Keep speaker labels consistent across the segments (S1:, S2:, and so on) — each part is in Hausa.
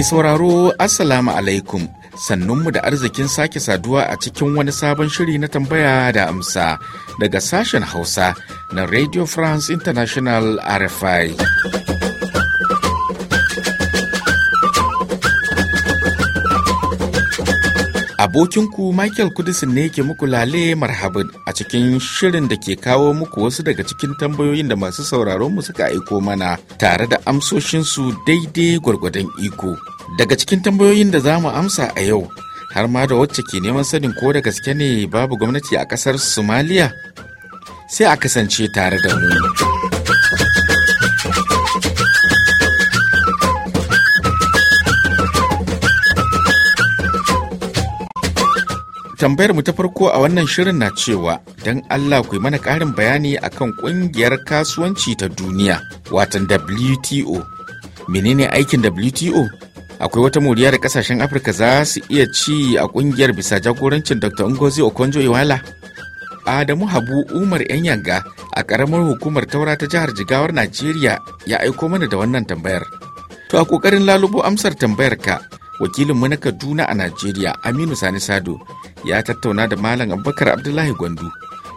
S1: Mai sauraro Assalamu alaikum sannunmu da arzikin sake saduwa a cikin wani sabon shiri na tambaya da amsa daga sashen Hausa na Radio France International RFI. Abokinku Michael Kudisin ne ke muku lale marhabin a cikin shirin da ke kawo muku wasu daga cikin tambayoyin da masu sauraron sauraronmu suka aiko mana tare da amsoshinsu daidai gwargwadon iko. Daga cikin tambayoyin da za mu amsa a yau, har ma da wacce ke neman sanin ko da gaske ne babu gwamnati a ƙasar Somalia? Sai a kasance tare da mu. Tambayar mu ta farko a wannan shirin na cewa don Allah ku yi mana ƙarin bayani a kan ƙungiyar kasuwanci ta duniya watan WTO. Menene aikin WTO? Akwai wata moriya da ƙasashen Afirka za su iya ci a ƙungiyar bisa jagorancin Dr. Ngozi okonjo iwala Adamu Habu Umar Yanga a ƙaramar hukumar taura ta jihar Jigawar Najeriya ya aiko mana da wannan tambayar. To a ƙoƙarin lalubo amsar tambayar ka wakilinmu na Kaduna a Najeriya Aminu Sani Sado ya tattauna da Malam Abubakar Abdullahi Gwandu,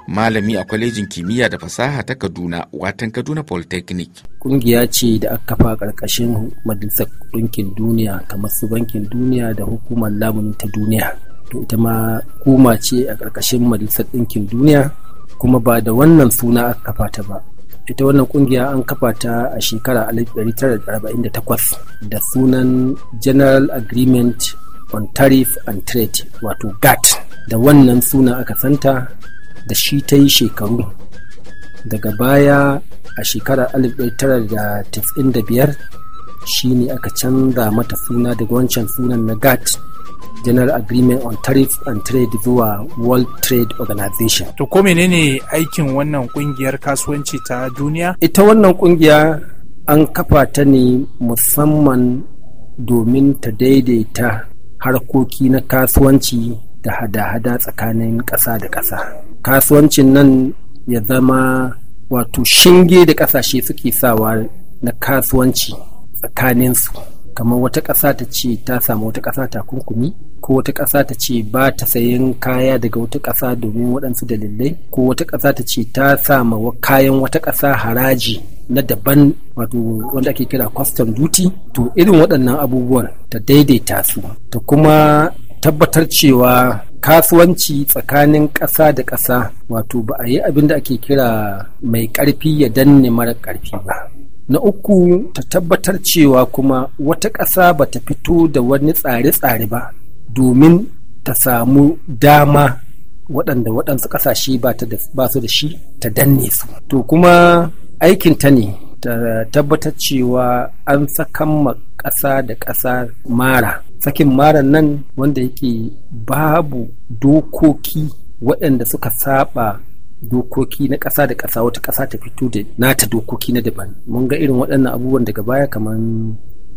S1: malami a kwalejin kimiyya da fasaha ta Kaduna, watan Kaduna Polytechnic.
S2: Kungiya ce da aka kafa ƙarƙashin Majalisar Ɗinkin Duniya kamar su Bankin Duniya da Hukumar Lamuni ta Duniya. To ita ma kuma ce a ƙarƙashin Majalisar Ɗinkin Duniya kuma ba da wannan suna aka kafa ta ba. Ita wannan kungiya an kafa ta a shekara 1948 da sunan General Agreement on tariff and trade wato gat da wannan suna aka santa da shi ta yi shekaru daga baya a shekarar 1995 shi ne aka canza mata suna daga wancan sunan na gat general agreement on tariff and trade zuwa world trade organization
S1: to ko menene aikin wannan kungiyar kasuwanci ta duniya
S2: ita wannan kungiya an kafa ta ne musamman domin ta daidaita harkoki na kasuwanci da hada-hada tsakanin ƙasa da ƙasa kasuwancin nan ya zama wato shinge da ƙasashe suke sawa na kasuwanci tsakaninsu kamar wata ƙasa ta ce ta samu wata ƙasa takunkumi ko wata ƙasa ta ce ba ta sayan kaya daga wata ƙasa domin waɗansu dalilai ko wata ƙasa ta ce ta sama kayan wata ƙasa haraji na daban wato wanda ake kira custom duty to irin waɗannan abubuwan ta daidaita su ta kuma tabbatar cewa kasuwanci tsakanin ƙasa da ƙasa wato ba a yi abin da ake kira mai ƙarfi ya danne mara ƙarfi ba na uku ta tabbatar cewa kuma wata ƙasa ba ta fito da wani tsare-tsare ba domin ta samu dama waɗanda waɗansu ƙasashe ba su da shi ta danne su to kuma aikin ta ne ta tabbatar cewa an sakan ma ƙasa da ƙasa mara sakin mara nan wanda yake babu dokoki waɗanda suka saba dokoki na ƙasa da ƙasa wata ƙasa ta fito da nata dokoki na daban mun ga irin waɗannan abubuwan daga baya kamar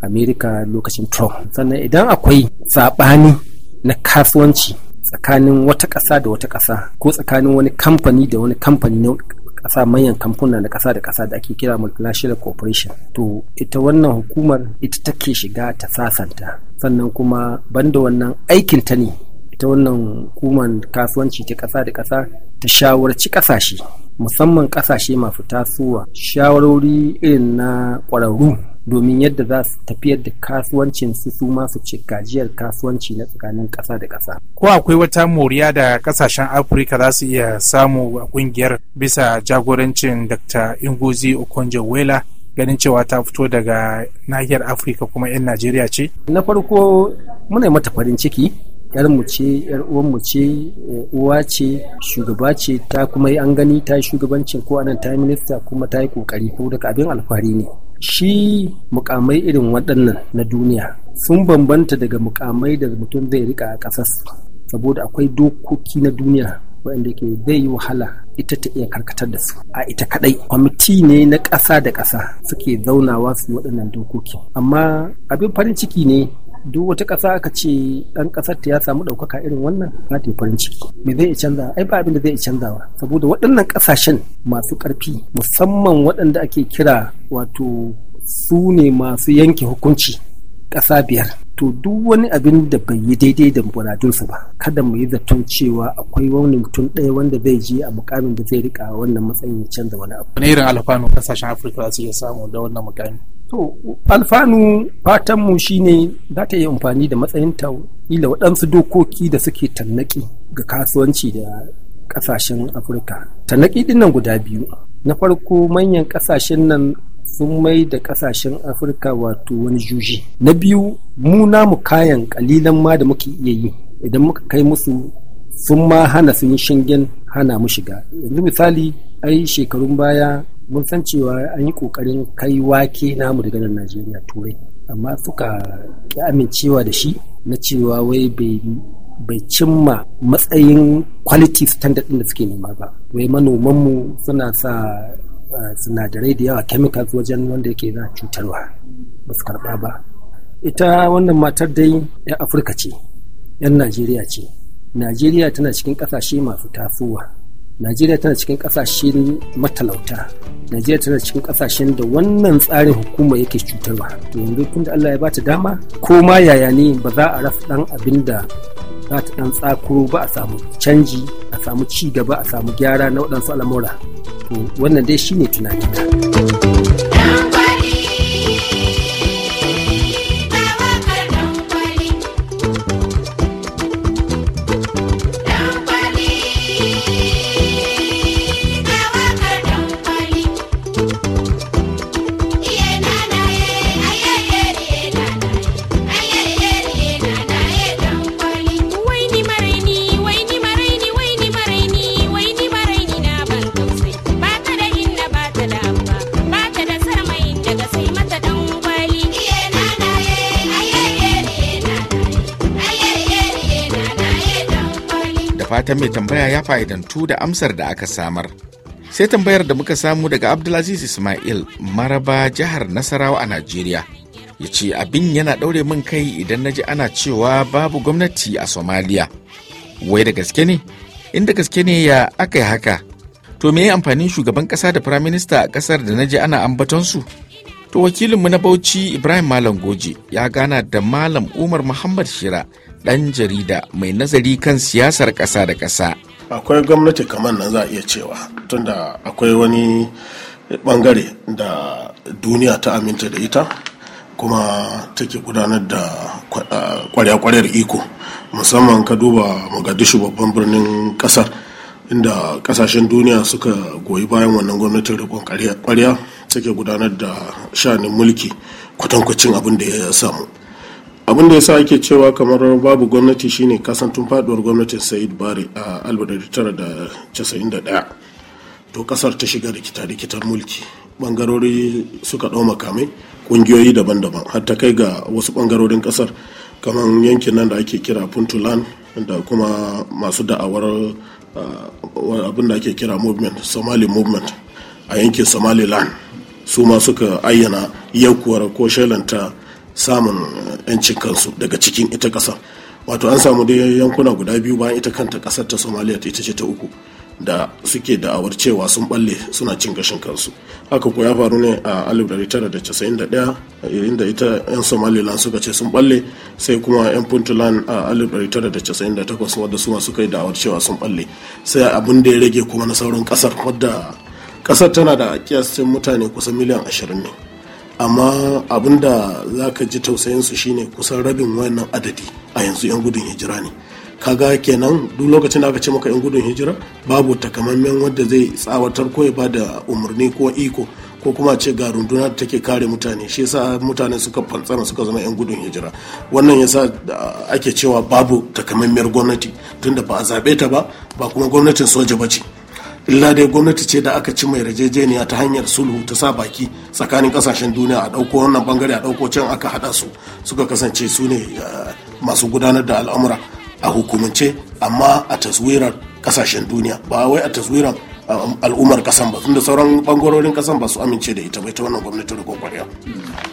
S2: amerika lokacin trump sannan idan akwai saɓani na kasuwanci tsakanin wata ƙasa da wata ƙasa ko tsakanin wani kamfani da wani kamfani na ƙasa manyan kamfuna na ƙasa da ƙasa da ake kira multinational corporation to ita wannan hukumar ita take shiga ta sasanta sannan kuma banda wannan aikin ta ne ita wannan hukumar kasuwanci ta ƙasa da ƙasa ta shawarci ƙasashe musamman ƙasashe masu tasowa shawarori irin na ƙwararru domin yadda za su tafiyar da kasuwancin su su masu su ce gajiyar kasuwanci na tsakanin ƙasa da ƙasa.
S1: Ko akwai wata moriya da ƙasashen Afirka za su iya samu a ƙungiyar bisa jagorancin Dr. Ingozi Okonjo-Iweala ganin cewa ta fito daga nahiyar Afirka kuma 'yan Najeriya ce? Na farko
S2: muna mata farin ciki mu ce mu ce uwa ce shugaba ce ta kuma yi an gani ta shugabancin ko anan ta yi minista kuma ta yi kokari ko daga abin alfahari ne shi mukamai irin waɗannan na duniya sun bambanta daga mukamai da mutum zai rika a ƙasar saboda akwai dokoki na duniya waɗanda ke zai yi wahala ita ta iya karkatar da su a ita kadai kwamiti ne na ƙasa da ƙasa suke zaunawa su waɗannan dokoki amma abin farin ciki ne duk wata ƙasa aka ce ɗan ƙasar ta ya samu ɗaukaka irin wannan za ta farin ciki me zai iya canza ai ba abin da zai canza canzawa saboda waɗannan ƙasashen masu ƙarfi musamman waɗanda ake kira wato su ne masu yanke hukunci ƙasa biyar to duk wani abin da bai yi daidai da muradunsa ba kada mu yi zaton cewa akwai wani mutum ɗaya wanda zai je a mukamin da zai rika wannan matsayin canza wani abu. Wani irin alfanu
S1: kasashen Afirka za su iya samu
S2: da wannan mukami? To, alfanu fatanmu shi ne za ta yi amfani da matsayin ta ila waɗansu dokoki da suke tannaki ga kasuwanci da ƙasashen Afirka. Tannaki ɗin nan guda biyu. Na farko manyan ƙasashen nan sun mai da ƙasashen Afirka wato wani juji. Na biyu, mu namu kayan ƙalilan ma da muke iya yi idan muka kai musu sun ma hana sun yi shingen hana mu shiga. Yanzu misali, ai shekarun baya mun san cewa an yi kokarin kai wake namu daga nan najeriya turai amma suka ki amincewa da shi na cewa wai bai cimma matsayin quality standard da suke nema ba wai manoman mu suna sa sinadarai da yawa chemicals wajen wanda yake na cutarwa ba su karba ba ita wannan matar dai 'yan afirka ce 'yan najeriya ce najeriya tana cikin kasashe masu tasowa najeriya tana cikin kasashen matalauta najeriya tana cikin kasashen da wannan tsarin hukuma yake cutarwa to yanzu tun da allah ya bata dama ko ma yaya ne ba za a rasa dan abin da za ta dan tsakuro ba a samu canji a samu ci gaba a samu gyara na waɗansu al'amura to wannan dai shine tunanina.
S1: ta mai tambaya ya fa'idantu da amsar da aka samar sai tambayar da muka samu daga abdulaziz ismail maraba jihar nasarawa a najeriya ya ce abin yana ɗaure min kai idan na ji ana cewa babu gwamnati a somaliya wai da gaske ne inda gaske ne ya aka yi haka to me amfanin shugaban ƙasa da firaminista a ƙasar da na ji ana ambatonsu to wakilinmu na bauchi ibrahim malam goji ya gana da malam umar muhammad shira ɗan jarida mai nazari kan siyasar ƙasa da ƙasa.
S3: akwai gwamnati kamar nan za a iya cewa tunda akwai wani bangare da duniya ta aminta da ita kuma take gudanar da kwarya-kwaryar iko musamman ka duba mogadishu babban birnin ƙasar inda ƙasashen duniya suka goyi bayan wannan gwamnatin rikon kwarya take gudanar da shanin mulki kwatankwacin abin da ya samu abin da ya sa ake cewa kamar babu gwamnati shine kasan tun faduwar gwamnatin said bari a 1991 to kasar ta shiga rikita-rikitar mulki bangarori suka ɗau makamai ƙungiyoyi daban-daban har ta kai ga wasu bangarorin ƙasar kamar yankin nan da ake kira puntland da kuma masu da'awar ah, abin da ake kira movement somali movement a yankin somaliland su ma suka ayyana yankuwar ko ta. samun eh, 'yancin kansu daga cikin ita ƙasar wato an samu dai yankuna guda biyu bayan ita kanta kasar ta somaliya ta ita ce ta uku da suke da'awar cewa sun balle suna cin gashin kansu haka ko ya faru ne a 1991 yayin da ita 'yan somaliland suka ce sun balle sai kuma 'yan puntland a 1998 wadda suma suka yi da'awar cewa sun balle sai abin da ya rage kuma na sauran kasar wadda kasar tana da kiyasin mutane kusan miliyan 20 ne amma abinda za ka ji tausayinsu shine kusan rabin wannan adadi a yanzu 'yan gudun hijira ne kaga kenan duk lokacin da aka ce maka 'yan gudun hijira babu takamaiman wanda zai tsawatar ko ya ba da umarni ko iko ko kuma ce ga runduna da take kare mutane shi yasa mutane suka fantsama suka zama 'yan gudun hijira wannan yasa ake cewa babu takamaimiyar gwamnati tunda ba a zaɓe ta ba ba kuma gwamnatin soja ba ce illa dai gwamnati ce da aka ci mai rajejeniya ta hanyar sulhu ta sa baki tsakanin kasashen duniya a ɗauko wannan bangare a ɗauko can aka haɗa su suka kasance su ne eh, masu gudanar da al'amura a hukumance amma a taswirar kasashen duniya ba wai a taswirar al'ummar kasan ba tunda sauran bangarorin kasan ba su amince da ita bai ta wannan gwamnati da
S1: kwakwariya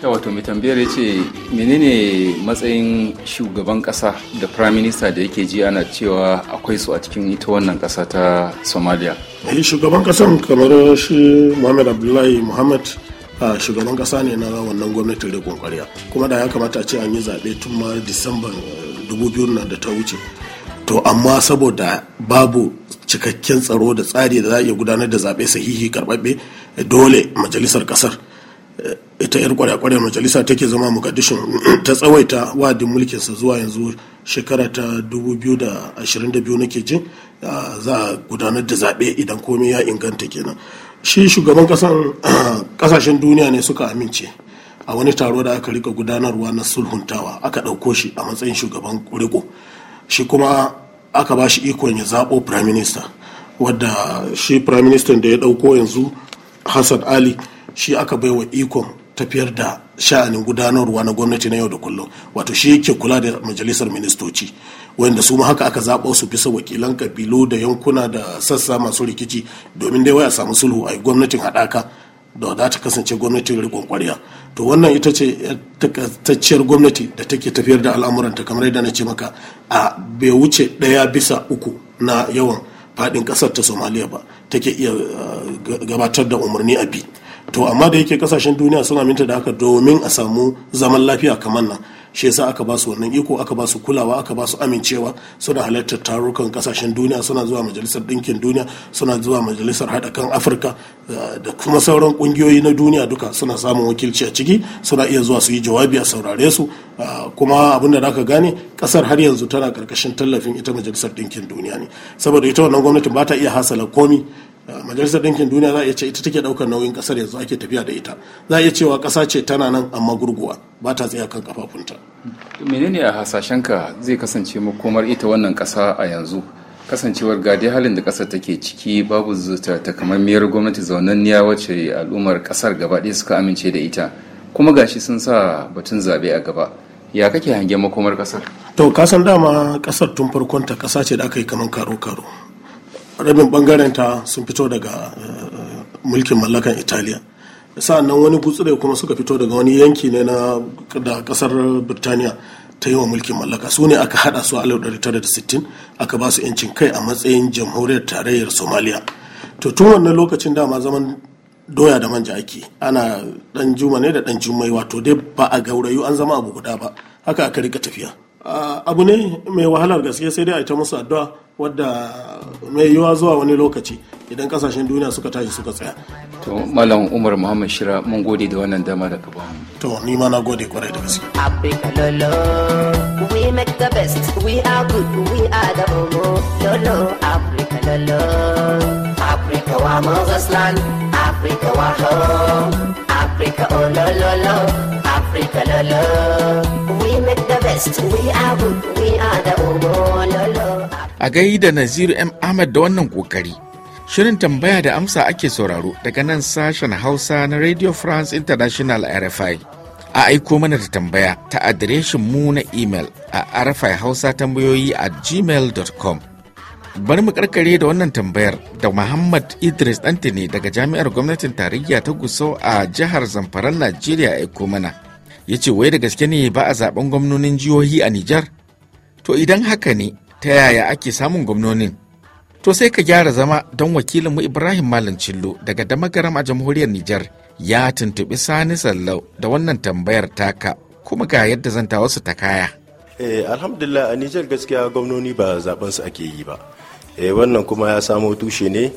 S1: ta wato mai tambayar ya ce menene matsayin shugaban kasa da prime minister da yake ji ana cewa akwai su a cikin ita wannan kasa ta somalia
S3: eh, shugaban kasan kamar shi muhammad abdullahi muhammad a shugaban kasa ne na wannan gwamnatin da kwarya kuma da ya kamata a ce an yi zaɓe tun ma disamban eh, 2000 da ta wuce to amma saboda babu cikakken tsaro da tsari da za a iya gudanar da zaɓe sahihi karɓaɓɓe dole majalisar ƙasar eh, ita yar kwarekwarar majalisa take zama mukaddishin ta tsawaita wa'adin sa zuwa yanzu shekara ta 2022 nake jin eh, za a gudanar da zaɓe idan komai ya inganta kenan shi shugaban ƙasashen duniya ne suka amince a wani taro da aka rika gudanarwa na sulhuntawa aka ɗauko shi a matsayin shugaban riko shi kuma aka ba shi ikon ya zaɓo prime minister wadda shi prime minister da ya ɗauko yanzu hassan ali shi aka baiwa ikon tafiyar da sha'anin gudanarwa na gwamnati na yau da kullum wato shi yake kula da majalisar ministoci wanda su ma haka aka zaɓo su bisa wakilan kabilu da yankuna da sassa masu rikici domin dai wai a samu sulhu a gwamnatin haɗaka da za ta kasance gwamnatin riƙon ƙwarya to wannan ita ce takaitacciyar gwamnati da take tafiyar da al'amuranta kamar yadda na ce maka a bai wuce ɗaya bisa uku na yawan faɗin ƙasar ta somaliya ba take iya eh, gabatar da umarni a bi to amma da yake ƙasashen duniya suna minta da haka domin a samu zaman lafiya kamar nan shi yasa aka ba su wannan iko aka ba su kulawa aka ba su amincewa suna halartar tarukan kasashen duniya suna zuwa majalisar ɗinkin duniya suna zuwa majalisar haɗa kan afirka eh, da kuma sauran ƙungiyoyi na duniya duka suna samun wakilci a ciki suna iya zuwa su yi jawabi a saurare su eh, kuma abin da zaka gane ƙasar har yanzu tana ƙarƙashin tallafin ita majalisar ɗinkin duniya ne saboda ita wannan gwamnatin ba ta iya hasala komi majalisar ɗinkin duniya za a iya ce ita take ɗaukar nauyin ƙasar yanzu ake tafiya da ita za a iya cewa ƙasa ce tana nan amma gurguwa ba ta tsaye kan kafafunta.
S1: menene a hasashenka zai kasance makomar ita wannan ƙasa a yanzu kasancewar gadi halin da ƙasar take ciki babu zuta miyar gwamnati zaunanniya wacce al'ummar ƙasar gaba ɗaya suka amince da ita kuma gashi sun sa batun zaɓe a gaba ya kake hangen makomar ƙasar. to
S3: kasan dama ƙasar tun farkon ta ƙasa ce da aka yi kamar karo-karo rabin bangaren ta sun fito daga eh, mulkin mallakan italiya sa'an nan wani gutsure kuma suka fito daga wani yanki ne na da kasar birtaniya ta yi wa mulkin mallaka su ne aka hada su a sittin aka ba su 'yancin kai a matsayin jamhuriyar tarayyar somaliya to tun wannan lokacin dama zaman doya da manja ake ana dan juma ne da dan jummai wato dai ba a gaurayu an zama abu guda ba haka aka rika tafiya Ah, abu ne mai wahalar gaske sai dai a ta musu addu'a wadda mai yiwa zuwa wani lokaci idan kasashen duniya suka tashi suka tsaya.
S1: To Malam Umar Muhammad Shira mun gode da wannan dama
S3: da kaba To ni ma na gode kwarai da gaske. Africa lolo
S2: we make the best we are good we are the omo lolo Africa lolo Africa wa Moses land Africa wa home Africa oh lolo lolo Africa, lolo. We make the best, we are good, we are the Ogo, lolo.
S1: A gaida Naziru M. Ahmad da wannan kokari. Shirin tambaya da amsa ake sauraro daga nan sashen Hausa na Radio France International RFI. A aiko mana da tambaya ta adireshin mu na email a RFI Hausa tambayoyi a gmail.com. Bari mu karkare da wannan tambayar da Muhammad Idris Dantini daga Jami'ar Gwamnatin Tarayya ta Gusau a jihar Zamfaran Najeriya aiko mana. ya ce wai da gaske ne ba a zaben gwamnonin jihohi a Nijar? To idan haka ne ta yaya ake samun gwamnonin? To sai ka gyara zama don wakilinmu Ibrahim Malam Cillo daga Damagaram a jamhuriyar Nijar ya tuntuɓi Sani Sallau da wannan tambayar taka kuma ga yadda zan wasu ta kaya.
S4: Eh, alhamdulillah a Nijar gaskiya gwamnoni ba zaben su ake yi ba. Eh, wannan kuma ya samo tushe ne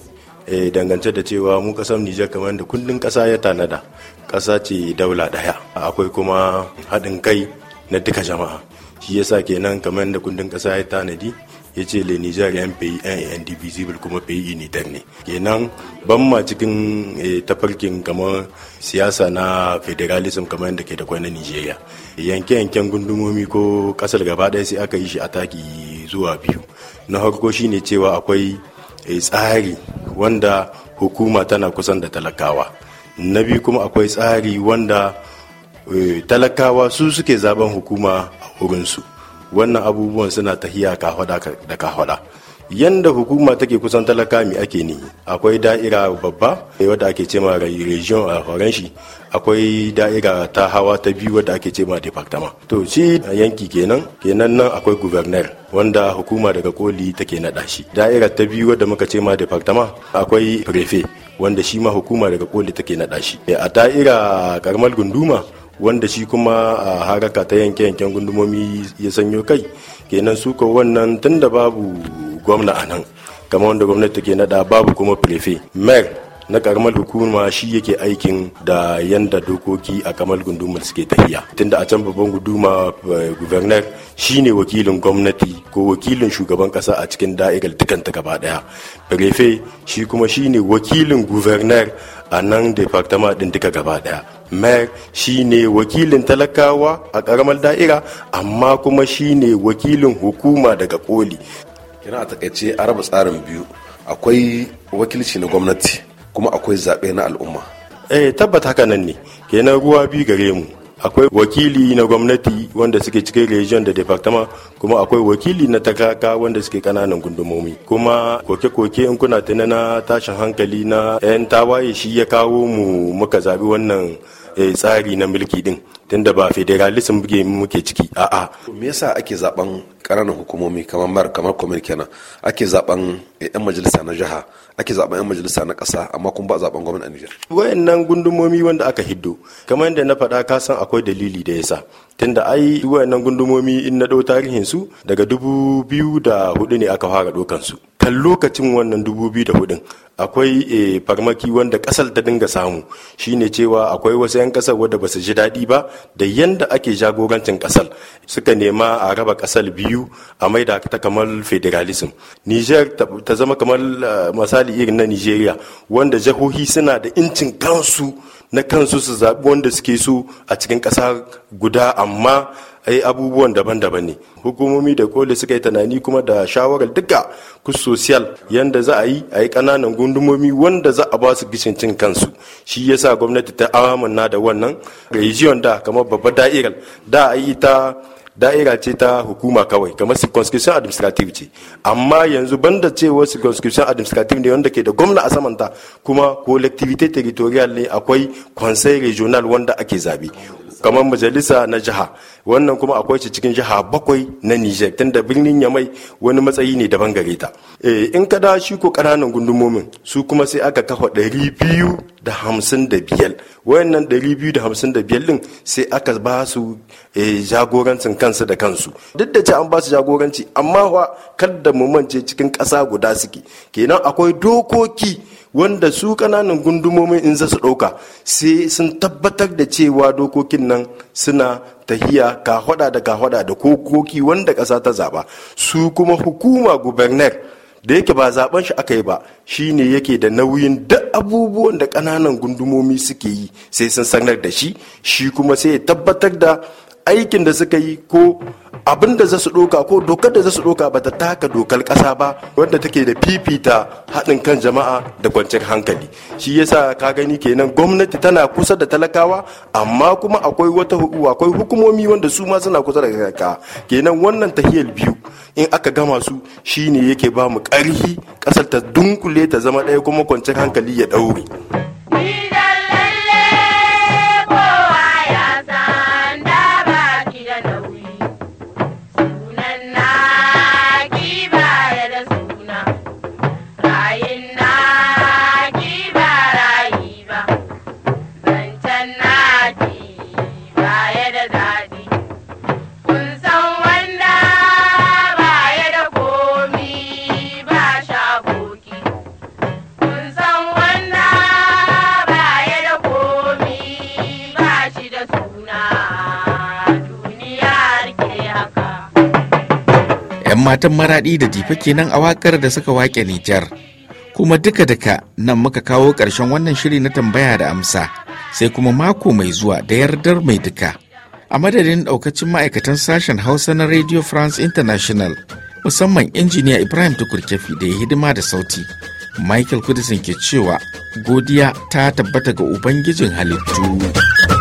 S4: Eh, dangance da cewa mu kasar Nijar kamar da kundin kasa ya tanada kasa ce daula daya akwai kuma haɗin kai na duka jama'a shi yasa kenan kamar da kundin kasa ya tanadi ya ce le Nijar yan fayi yan indivisible kuma pays unitaire ne kenan ban ma cikin eh, tafarkin kamar siyasa na federalism kamar da ke da kwanan na yanke-yanken gundumomi ko kasar gaba ɗaya sai aka yi shi a taki zuwa biyu na harko shine cewa akwai tsari wanda hukuma tana kusan da talakawa na biyu kuma akwai tsari wanda talakawa su suke zaben hukuma a wurinsu wannan abubuwan suna tahiya kahwada da kahwada yanda hukuma take kusan talaka mi ake ni akwai da'ira babba wadda ake cema region a faranshi akwai da'ira ta hawa ta biyu wadda ake cema departama to shi yanki kenan kenan nan akwai governor wanda hukuma daga koli take nada shi da'ira ta biyu wadda muka cema departama akwai prefe wanda shi ma hukuma daga koli take nada shi a da'ira Karmal gunduma wanda shi kuma a haraka ta yanke-yanken gundumomi ya sanyo kai kenan suka wannan tunda babu gwamna a nan kamar wanda gwamnati take nada babu kuma prefe mayor na karamar hukuma shi yake aikin da yanda dokoki a kamar gundumar suke tafiya tunda a can babban guduma shi eh, shine wakilin gwamnati ko wakilin shugaban kasa a cikin da'irar dukanta gaba daya prefe shi kuma shine wakilin guverner a nan departama din duka gaba daya mayor ne wakilin talakawa a karamar da'ira amma kuma ne wakilin hukuma daga koli kina a takaice a raba tsarin biyu akwai wakilci na gwamnati kuma akwai zaɓe na al'umma eh tabbata haka nan ne kenan ruwa biyu gare mu akwai wakili na gwamnati wanda suke cikin region da department kuma akwai wakili na takaka wanda suke kananan gundumomi kuma koke-koke in kuna tuna na tashin hankali na 'yan tawaye shi ya kawo mu muka zabi wannan eh, tsari na mulki din tunda ba federalism muke ciki a'a me yasa ake zaben kananan hukumomi kamar mar kamar komai kenan ake zaben yan majalisa na jiha ake zaben yan majalisa na ƙasa amma kuma ba a zaben gwamnati a Nijar. Wayannan gundumomi wanda aka hiddo kamar yadda na faɗa ka san akwai dalili da yasa tunda ai wayannan gundumomi in na ɗau tarihin su daga dubu biyu da hudu ne aka fara ɗaukan su. Kan lokacin wannan dubu biyu da hudun akwai eh, farmaki wanda kasar ta dinga samu shine cewa akwai wasu 'yan kasar wadda ba su ji daɗi ba da yanda ake jagorancin kasar suka nema a raba kasar biyu biyu a maida ta kamar federalism niger ta zama kamar eh, misali irin na nigeria wanda jihohi suna da incin kansu na kansu su zaɓi wanda suke so a cikin ƙasa guda amma ai abubuwan daban-daban ne hukumomi da koli suka yi tunani kuma da shawarar duka kus social yanda za a yi a yi ƙananan gundumomi wanda za a ba su cin kansu shi yasa gwamnati ta amana da wannan region da kamar babbar da'irar da a yi ta da'ira ce ta hukuma kawai kamar circumscription administrative ce amma yanzu banda cewa circumscription administrative ne wanda ke da gwamna a samanta kuma collectivity territorial ne akwai conseil regional wanda ake zabe kamar majalisa na jiha wannan kuma akwai shi cikin jiha bakwai na niger tunda birnin yamai wani matsayi ne daban gare ta eh, in ka da shi ko ƙananan gundumomin su kuma sai aka kafa ɗari biyu da hamsin da biyar wayannan ɗari biyu da hamsin da biyar ɗin sai aka ba su eh, jagorancin kansu da kansu duk da ce an ba su jagoranci amma wa kada mu mance cikin ƙasa guda suke kenan akwai dokoki wanda su kananan gundumomin in za su ɗauka sai sun tabbatar da cewa dokokin nan suna tahiya ka hada da ka hada da kokoki wanda ƙasa ta zaba su kuma hukuma gubernar da yake ba zaben shi aka yi ba shine yake da nauyin duk abubuwan da ƙananan gundumomi suke yi sai sun sanar da shi shi kuma sai ya tabbatar da aikin da suka yi ko abin da za su ɗoka ko dokar da za su ɗoka ba ta taka dokar ƙasa ba wanda take da fifita haɗin kan jama'a da kwanciyar hankali shi yasa ka gani kenan gwamnati tana kusa da talakawa amma kuma akwai wata akwai hukumomi wanda su ma suna kusa da talakawa kenan wannan tahiyar biyu in aka gama su shine yake ba mu ƙarfi ƙasar ta dunkule ta zama ɗaya kuma kwanciyar hankali ya ɗaure.
S1: matan maraɗi da jifa kenan a wakar da suka wake Nijar. Kuma duka-duka nan muka kawo ƙarshen wannan shiri na tambaya da amsa sai kuma mako mai zuwa da yardar mai duka. A madadin ɗaukacin ma'aikatan sashen Hausa na Radio France International musamman injiniya Ibrahim Tukurkefi da ya hidima da sauti. Michael Kudisin ke cewa godiya ta tabbata ga Ubangijin halittu.